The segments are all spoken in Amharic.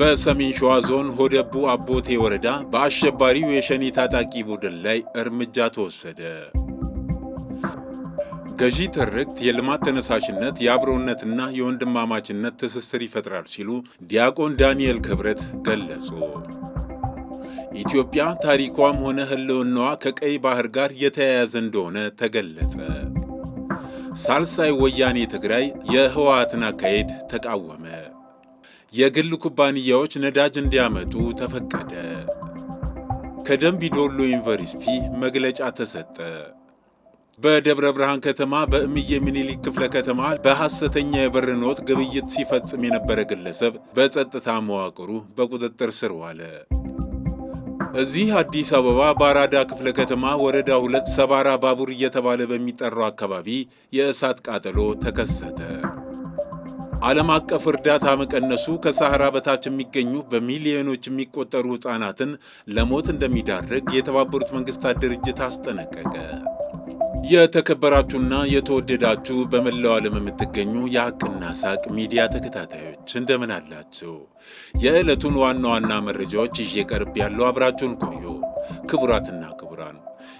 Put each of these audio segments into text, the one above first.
በሰሜን ሸዋ ዞን ሆደቡ አቦቴ ወረዳ በአሸባሪው የሸኔ ታጣቂ ቡድን ላይ እርምጃ ተወሰደ። ገዢ ትርክት የልማት ተነሳሽነት የአብሮነትና የወንድማማችነት ትስስር ይፈጥራል ሲሉ ዲያቆን ዳንኤል ክብረት ገለጹ። ኢትዮጵያ ታሪኳም ሆነ ሕልውናዋ ከቀይ ባህር ጋር የተያያዘ እንደሆነ ተገለጸ። ሳልሳይ ወያኔ ትግራይ የህወሓትን አካሄድ ተቃወመ። የግል ኩባንያዎች ነዳጅ እንዲያመጡ ተፈቀደ። ከደምቢዶሎ ዩኒቨርሲቲ መግለጫ ተሰጠ። በደብረ ብርሃን ከተማ በእምዬ ምኒልክ ክፍለ ከተማ በሐሰተኛ የበር ኖት ግብይት ሲፈጽም የነበረ ግለሰብ በጸጥታ መዋቅሩ በቁጥጥር ስር ዋለ። እዚህ አዲስ አበባ በአራዳ ክፍለ ከተማ ወረዳ ሁለት ሰባራ ባቡር እየተባለ በሚጠራው አካባቢ የእሳት ቃጠሎ ተከሰተ። ዓለም አቀፍ እርዳታ መቀነሱ ከሳህራ በታች የሚገኙ በሚሊዮኖች የሚቆጠሩ ሕፃናትን ለሞት እንደሚዳርግ የተባበሩት መንግሥታት ድርጅት አስጠነቀቀ። የተከበራችሁና የተወደዳችሁ በመላው ዓለም የምትገኙ የሐቅና ሳቅ ሚዲያ ተከታታዮች እንደምን አላችሁ? የዕለቱን ዋና ዋና መረጃዎች ይዤ ቀርብ ያለው አብራችሁን ቆዩ። ክቡራትና ክቡራን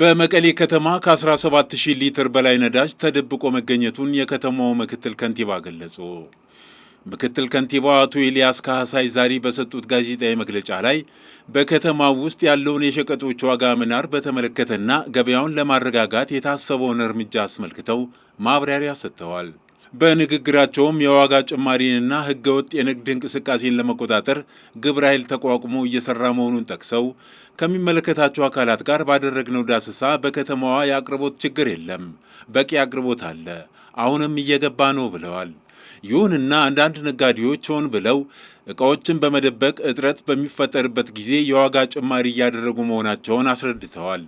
በመቀሌ ከተማ ከ17000 ሊትር በላይ ነዳጅ ተደብቆ መገኘቱን የከተማው ምክትል ከንቲባ ገለጹ። ምክትል ከንቲባ አቶ ኤልያስ ካህሳይ ዛሬ በሰጡት ጋዜጣዊ መግለጫ ላይ በከተማው ውስጥ ያለውን የሸቀጦች ዋጋ ምናር በተመለከተና ገበያውን ለማረጋጋት የታሰበውን እርምጃ አስመልክተው ማብራሪያ ሰጥተዋል። በንግግራቸውም የዋጋ ጭማሪንና ህገወጥ የንግድ እንቅስቃሴን ለመቆጣጠር ግብረ ኃይል ተቋቁሞ እየሰራ መሆኑን ጠቅሰው ከሚመለከታቸው አካላት ጋር ባደረግነው ዳሰሳ በከተማዋ የአቅርቦት ችግር የለም፣ በቂ አቅርቦት አለ፣ አሁንም እየገባ ነው ብለዋል። ይሁንና አንዳንድ ነጋዴዎች ሆን ብለው እቃዎችን በመደበቅ እጥረት በሚፈጠርበት ጊዜ የዋጋ ጭማሪ እያደረጉ መሆናቸውን አስረድተዋል።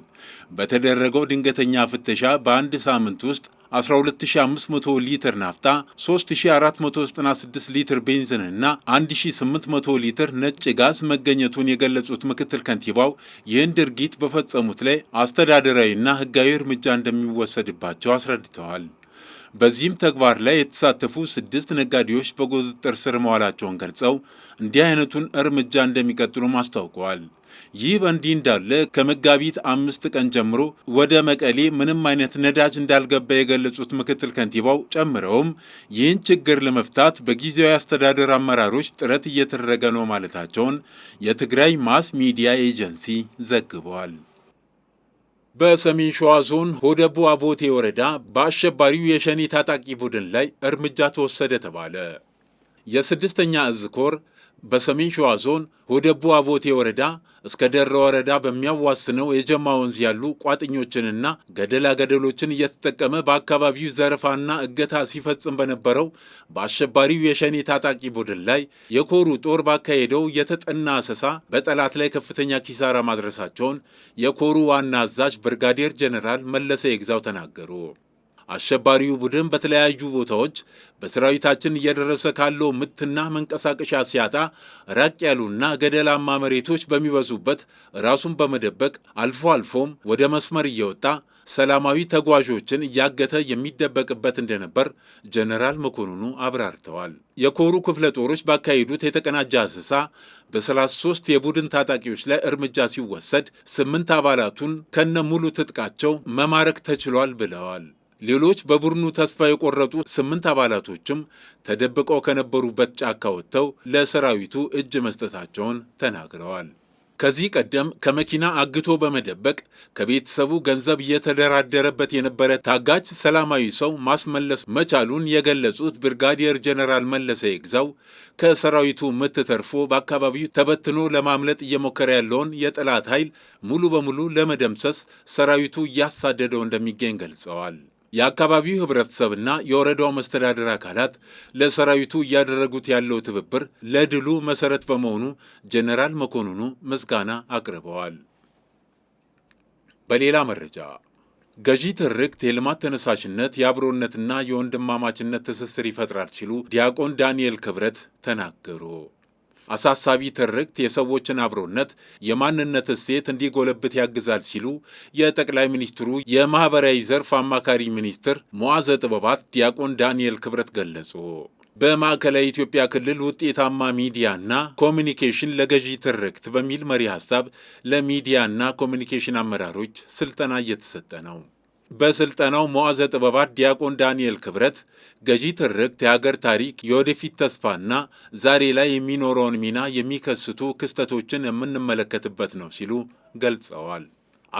በተደረገው ድንገተኛ ፍተሻ በአንድ ሳምንት ውስጥ 12500 ሊትር ናፍጣ፣ 3496 ሊትር ቤንዚን እና 1800 ሊትር ነጭ ጋዝ መገኘቱን የገለጹት ምክትል ከንቲባው ይህን ድርጊት በፈጸሙት ላይ አስተዳደራዊና ሕጋዊ እርምጃ እንደሚወሰድባቸው አስረድተዋል። በዚህም ተግባር ላይ የተሳተፉ ስድስት ነጋዴዎች በቁጥጥር ስር መዋላቸውን ገልጸው እንዲህ አይነቱን እርምጃ እንደሚቀጥሉም አስታውቀዋል። ይህ በእንዲህ እንዳለ ከመጋቢት አምስት ቀን ጀምሮ ወደ መቀሌ ምንም አይነት ነዳጅ እንዳልገባ የገለጹት ምክትል ከንቲባው ጨምረውም ይህን ችግር ለመፍታት በጊዜያዊ አስተዳደር አመራሮች ጥረት እየተደረገ ነው ማለታቸውን የትግራይ ማስ ሚዲያ ኤጀንሲ ዘግበዋል። በሰሜን ሸዋ ዞን ሆደቡ አቦቴ ወረዳ በአሸባሪው የሸኔ ታጣቂ ቡድን ላይ እርምጃ ተወሰደ ተባለ። የስድስተኛ እዝ ኮር በሰሜን ሸዋ ዞን ሆደቡ አቦቴ ወረዳ እስከ ደረ ወረዳ በሚያዋስነው የጀማ ወንዝ ያሉ ቋጥኞችንና ገደላ ገደሎችን እየተጠቀመ በአካባቢው ዘረፋና እገታ ሲፈጽም በነበረው በአሸባሪው የሸኔ ታጣቂ ቡድን ላይ የኮሩ ጦር ባካሄደው የተጠና አሰሳ በጠላት ላይ ከፍተኛ ኪሳራ ማድረሳቸውን የኮሩ ዋና አዛዥ ብርጋዴር ጀኔራል መለሰ የግዛው ተናገሩ። አሸባሪው ቡድን በተለያዩ ቦታዎች በሰራዊታችን እየደረሰ ካለው ምትና መንቀሳቀሻ ሲያጣ ራቅ ያሉና ገደላማ መሬቶች በሚበዙበት ራሱን በመደበቅ አልፎ አልፎም ወደ መስመር እየወጣ ሰላማዊ ተጓዦችን እያገተ የሚደበቅበት እንደነበር ጀነራል መኮንኑ አብራርተዋል። የኮሩ ክፍለ ጦሮች ባካሄዱት የተቀናጀ አሰሳ በ33 የቡድን ታጣቂዎች ላይ እርምጃ ሲወሰድ ስምንት አባላቱን ከነ ሙሉ ትጥቃቸው መማረክ ተችሏል ብለዋል። ሌሎች በቡድኑ ተስፋ የቆረጡ ስምንት አባላቶችም ተደብቀው ከነበሩበት ጫካ ወጥተው ለሰራዊቱ እጅ መስጠታቸውን ተናግረዋል። ከዚህ ቀደም ከመኪና አግቶ በመደበቅ ከቤተሰቡ ገንዘብ እየተደራደረበት የነበረ ታጋች ሰላማዊ ሰው ማስመለስ መቻሉን የገለጹት ብርጋዲየር ጀነራል መለሰ ይግዛው ከሰራዊቱ ምት ተርፎ በአካባቢው ተበትኖ ለማምለጥ እየሞከረ ያለውን የጠላት ኃይል ሙሉ በሙሉ ለመደምሰስ ሰራዊቱ እያሳደደው እንደሚገኝ ገልጸዋል። የአካባቢው ህብረተሰብና የወረዳው መስተዳደር አካላት ለሰራዊቱ እያደረጉት ያለው ትብብር ለድሉ መሰረት በመሆኑ ጀነራል መኮንኑ ምስጋና አቅርበዋል። በሌላ መረጃ ገዢ ትርክት የልማት ተነሳሽነት የአብሮነትና የወንድማማችነት ትስስር ይፈጥራል ሲሉ ዲያቆን ዳንኤል ክብረት ተናገሩ። አሳሳቢ ትርክት የሰዎችን አብሮነት፣ የማንነት እሴት እንዲጎለብት ያግዛል ሲሉ የጠቅላይ ሚኒስትሩ የማኅበራዊ ዘርፍ አማካሪ ሚኒስትር መዋዘ ጥበባት ዲያቆን ዳንኤል ክብረት ገለጹ። በማዕከላዊ ኢትዮጵያ ክልል ውጤታማ ሚዲያና ኮሚኒኬሽን ለገዢ ትርክት በሚል መሪ ሐሳብ ለሚዲያና ኮሚኒኬሽን አመራሮች ስልጠና እየተሰጠ ነው። በስልጠናው መዋዘ ጥበባት ዲያቆን ዳንኤል ክብረት ገዢ ትርክት፣ የሀገር ታሪክ፣ የወደፊት ተስፋና ዛሬ ላይ የሚኖረውን ሚና የሚከስቱ ክስተቶችን የምንመለከትበት ነው ሲሉ ገልጸዋል።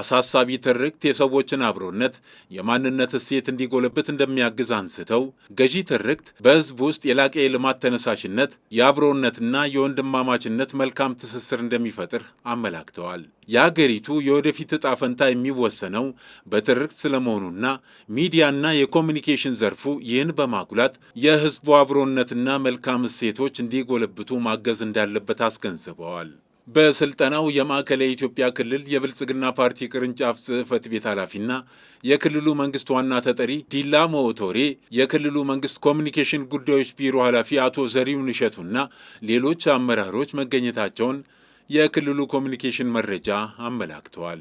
አሳሳቢ ትርክት የሰዎችን አብሮነት፣ የማንነት እሴት እንዲጎለብት እንደሚያግዝ አንስተው ገዢ ትርክት በሕዝብ ውስጥ የላቀ የልማት ተነሳሽነት፣ የአብሮነትና የወንድማማችነት መልካም ትስስር እንደሚፈጥር አመላክተዋል። የአገሪቱ የወደፊት ዕጣ ፈንታ የሚወሰነው በትርክት ስለመሆኑና ሚዲያና የኮሚኒኬሽን ዘርፉ ይህን በማጉላት የሕዝቡ አብሮነትና መልካም እሴቶች እንዲጎለብቱ ማገዝ እንዳለበት አስገንዝበዋል። በስልጠናው የማዕከላዊ ኢትዮጵያ ክልል የብልጽግና ፓርቲ ቅርንጫፍ ጽህፈት ቤት ኃላፊና የክልሉ መንግስት ዋና ተጠሪ ዲላ ሞቶሬ፣ የክልሉ መንግስት ኮሚኒኬሽን ጉዳዮች ቢሮ ኃላፊ አቶ ዘሪሁን እሸቱና ሌሎች አመራሮች መገኘታቸውን የክልሉ ኮሚኒኬሽን መረጃ አመላክተዋል።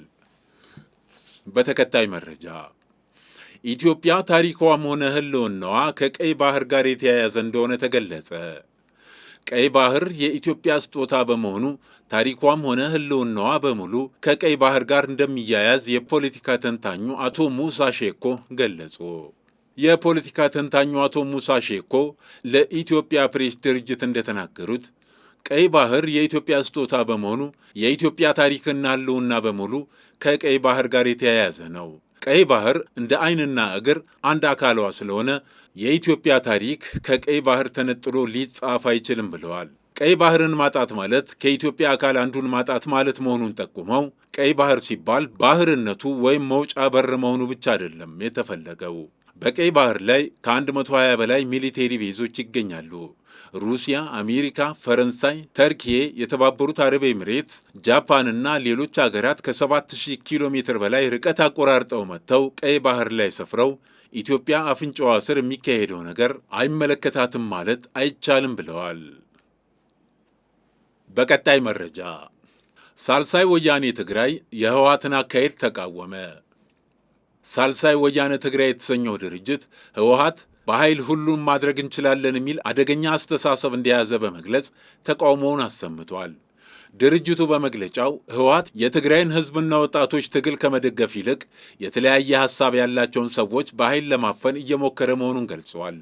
በተከታይ መረጃ ኢትዮጵያ ታሪኳም ሆነ ሕልውናዋ ከቀይ ባህር ጋር የተያያዘ እንደሆነ ተገለጸ። ቀይ ባህር የኢትዮጵያ ስጦታ በመሆኑ ታሪኳም ሆነ ሕልውናዋ በሙሉ ከቀይ ባህር ጋር እንደሚያያዝ የፖለቲካ ተንታኙ አቶ ሙሳ ሼኮ ገለጹ። የፖለቲካ ተንታኙ አቶ ሙሳ ሼኮ ለኢትዮጵያ ፕሬስ ድርጅት እንደተናገሩት ቀይ ባህር የኢትዮጵያ ስጦታ በመሆኑ የኢትዮጵያ ታሪክና ሕልውና በሙሉ ከቀይ ባህር ጋር የተያያዘ ነው። ቀይ ባህር እንደ ዓይንና እግር አንድ አካሏ ስለሆነ የኢትዮጵያ ታሪክ ከቀይ ባህር ተነጥሎ ሊጻፍ አይችልም ብለዋል። ቀይ ባህርን ማጣት ማለት ከኢትዮጵያ አካል አንዱን ማጣት ማለት መሆኑን ጠቁመው ቀይ ባህር ሲባል ባህርነቱ ወይም መውጫ በር መሆኑ ብቻ አይደለም የተፈለገው። በቀይ ባህር ላይ ከ120 በላይ ሚሊቴሪ ቤዞች ይገኛሉ። ሩሲያ፣ አሜሪካ፣ ፈረንሳይ፣ ተርኪዬ፣ የተባበሩት አረብ ኤምሬትስ፣ ጃፓንና ሌሎች አገራት ከ7000 ኪሎ ሜትር በላይ ርቀት አቆራርጠው መጥተው ቀይ ባህር ላይ ሰፍረው ኢትዮጵያ አፍንጫዋ ስር የሚካሄደው ነገር አይመለከታትም ማለት አይቻልም ብለዋል። በቀጣይ መረጃ ሳልሳይ ወያኔ ትግራይ የህወሓትን አካሄድ ተቃወመ። ሳልሳይ ወያነ ትግራይ የተሰኘው ድርጅት ህወሓት በኃይል ሁሉም ማድረግ እንችላለን የሚል አደገኛ አስተሳሰብ እንደያዘ በመግለጽ ተቃውሞውን አሰምቷል። ድርጅቱ በመግለጫው ህወሓት የትግራይን ህዝብና ወጣቶች ትግል ከመደገፍ ይልቅ የተለያየ ሀሳብ ያላቸውን ሰዎች በኃይል ለማፈን እየሞከረ መሆኑን ገልጸዋል።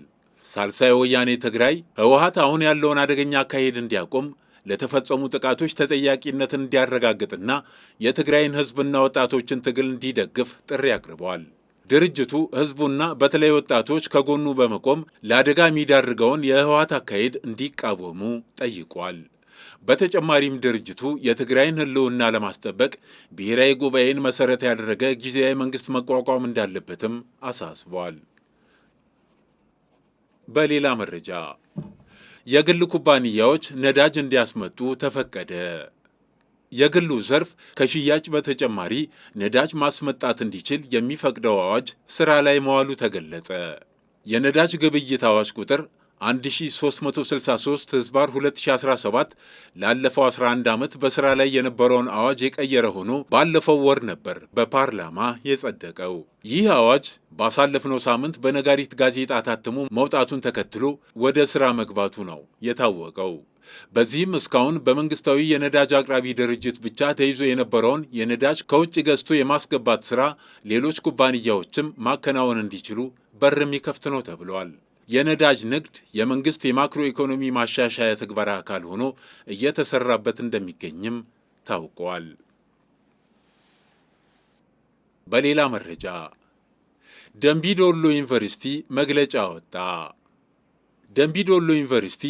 ሳልሳይ ወያኔ ትግራይ ህወሓት አሁን ያለውን አደገኛ አካሄድ እንዲያቆም ለተፈጸሙ ጥቃቶች ተጠያቂነትን እንዲያረጋግጥና የትግራይን ህዝብና ወጣቶችን ትግል እንዲደግፍ ጥሪ አቅርበዋል። ድርጅቱ ህዝቡና በተለይ ወጣቶች ከጎኑ በመቆም ለአደጋ የሚዳርገውን የህወሓት አካሄድ እንዲቃወሙ ጠይቋል። በተጨማሪም ድርጅቱ የትግራይን ህልውና ለማስጠበቅ ብሔራዊ ጉባኤን መሰረት ያደረገ ጊዜያዊ መንግስት መቋቋም እንዳለበትም አሳስቧል። በሌላ መረጃ የግል ኩባንያዎች ነዳጅ እንዲያስመጡ ተፈቀደ። የግሉ ዘርፍ ከሽያጭ በተጨማሪ ነዳጅ ማስመጣት እንዲችል የሚፈቅደው አዋጅ ሥራ ላይ መዋሉ ተገለጸ። የነዳጅ ግብይት አዋጅ ቁጥር 1363 ህዝባር 2017 ላለፈው 11 ዓመት በሥራ ላይ የነበረውን አዋጅ የቀየረ ሆኖ ባለፈው ወር ነበር በፓርላማ የጸደቀው። ይህ አዋጅ ባሳለፍነው ሳምንት በነጋሪት ጋዜጣ ታትሞ መውጣቱን ተከትሎ ወደ ሥራ መግባቱ ነው የታወቀው። በዚህም እስካሁን በመንግስታዊ የነዳጅ አቅራቢ ድርጅት ብቻ ተይዞ የነበረውን የነዳጅ ከውጭ ገዝቶ የማስገባት ሥራ ሌሎች ኩባንያዎችም ማከናወን እንዲችሉ በርም ይከፍት ነው ተብሏል። የነዳጅ ንግድ የመንግሥት የማክሮ ኢኮኖሚ ማሻሻያ ትግበራ አካል ሆኖ እየተሰራበት እንደሚገኝም ታውቋል። በሌላ መረጃ ደንቢዶሎ ዩኒቨርሲቲ መግለጫ ወጣ። ደምቢዶሎ ዩኒቨርሲቲ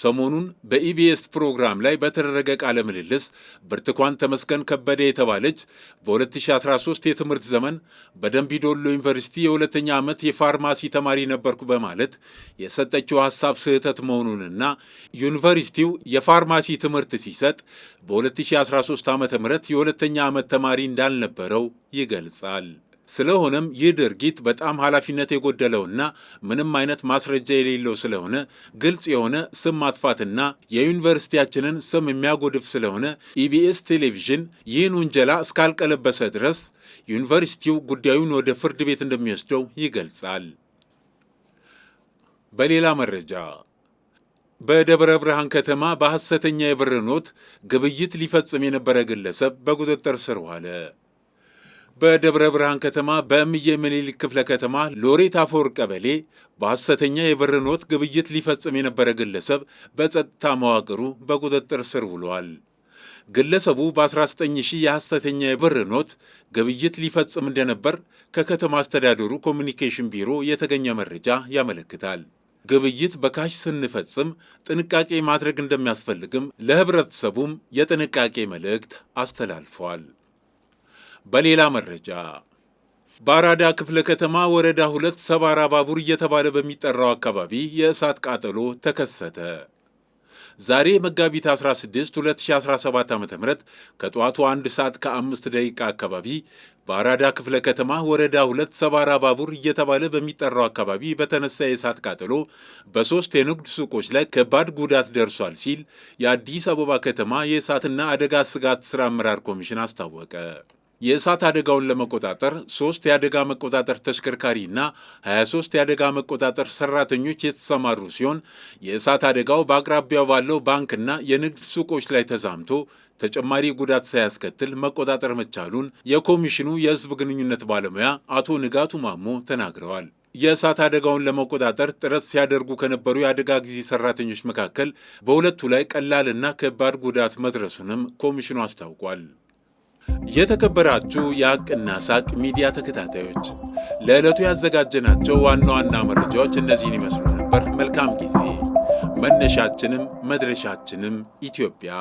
ሰሞኑን በኢቢኤስ ፕሮግራም ላይ በተደረገ ቃለ ምልልስ ብርቱካን ተመስገን ከበደ የተባለች በ2013 የትምህርት ዘመን በደንቢዶሎ ዩኒቨርሲቲ የሁለተኛ ዓመት የፋርማሲ ተማሪ ነበርኩ በማለት የሰጠችው ሐሳብ ስህተት መሆኑንና ዩኒቨርሲቲው የፋርማሲ ትምህርት ሲሰጥ በ2013 ዓ ም የሁለተኛ ዓመት ተማሪ እንዳልነበረው ይገልጻል። ስለሆነም ይህ ድርጊት በጣም ኃላፊነት የጎደለውና ምንም አይነት ማስረጃ የሌለው ስለሆነ ግልጽ የሆነ ስም ማጥፋትና የዩኒቨርሲቲያችንን ስም የሚያጎድፍ ስለሆነ ኢቢኤስ ቴሌቪዥን ይህን ውንጀላ እስካልቀለበሰ ድረስ ዩኒቨርሲቲው ጉዳዩን ወደ ፍርድ ቤት እንደሚወስደው ይገልጻል። በሌላ መረጃ በደብረ ብርሃን ከተማ በሐሰተኛ የብር ኖት ግብይት ሊፈጽም የነበረ ግለሰብ በቁጥጥር ስር ዋለ። በደብረ ብርሃን ከተማ በእምዬ ምኒልክ ክፍለ ከተማ ሎሬት አፈወርቅ ቀበሌ በሐሰተኛ የብር ኖት ግብይት ሊፈጽም የነበረ ግለሰብ በጸጥታ መዋቅሩ በቁጥጥር ስር ውሏል። ግለሰቡ በ19 ሺህ የሐሰተኛ የብር ኖት ግብይት ሊፈጽም እንደነበር ከከተማ አስተዳደሩ ኮሚኒኬሽን ቢሮ የተገኘ መረጃ ያመለክታል። ግብይት በካሽ ስንፈጽም ጥንቃቄ ማድረግ እንደሚያስፈልግም ለህብረተሰቡም የጥንቃቄ መልእክት አስተላልፏል። በሌላ መረጃ በአራዳ ክፍለ ከተማ ወረዳ ሁለት ሰባራ ባቡር እየተባለ በሚጠራው አካባቢ የእሳት ቃጠሎ ተከሰተ። ዛሬ መጋቢት 16 2017 ዓ ም ከጠዋቱ 1 ሰዓት ከ5 ደቂቃ አካባቢ በአራዳ ክፍለ ከተማ ወረዳ ሁለት ሰባራ ባቡር እየተባለ በሚጠራው አካባቢ በተነሳ የእሳት ቃጠሎ በሦስት የንግድ ሱቆች ላይ ከባድ ጉዳት ደርሷል ሲል የአዲስ አበባ ከተማ የእሳትና አደጋ ስጋት ሥራ አመራር ኮሚሽን አስታወቀ። የእሳት አደጋውን ለመቆጣጠር ሶስት የአደጋ መቆጣጠር ተሽከርካሪና 23 የአደጋ መቆጣጠር ሰራተኞች የተሰማሩ ሲሆን የእሳት አደጋው በአቅራቢያው ባለው ባንክና የንግድ ሱቆች ላይ ተዛምቶ ተጨማሪ ጉዳት ሳያስከትል መቆጣጠር መቻሉን የኮሚሽኑ የህዝብ ግንኙነት ባለሙያ አቶ ንጋቱ ማሞ ተናግረዋል። የእሳት አደጋውን ለመቆጣጠር ጥረት ሲያደርጉ ከነበሩ የአደጋ ጊዜ ሰራተኞች መካከል በሁለቱ ላይ ቀላልና ከባድ ጉዳት መድረሱንም ኮሚሽኑ አስታውቋል። የተከበራችሁ የአቅና ሳቅ ሚዲያ ተከታታዮች ለዕለቱ ያዘጋጀናቸው ዋና ዋና መረጃዎች እነዚህን ይመስሉ ነበር። መልካም ጊዜ። መነሻችንም መድረሻችንም ኢትዮጵያ።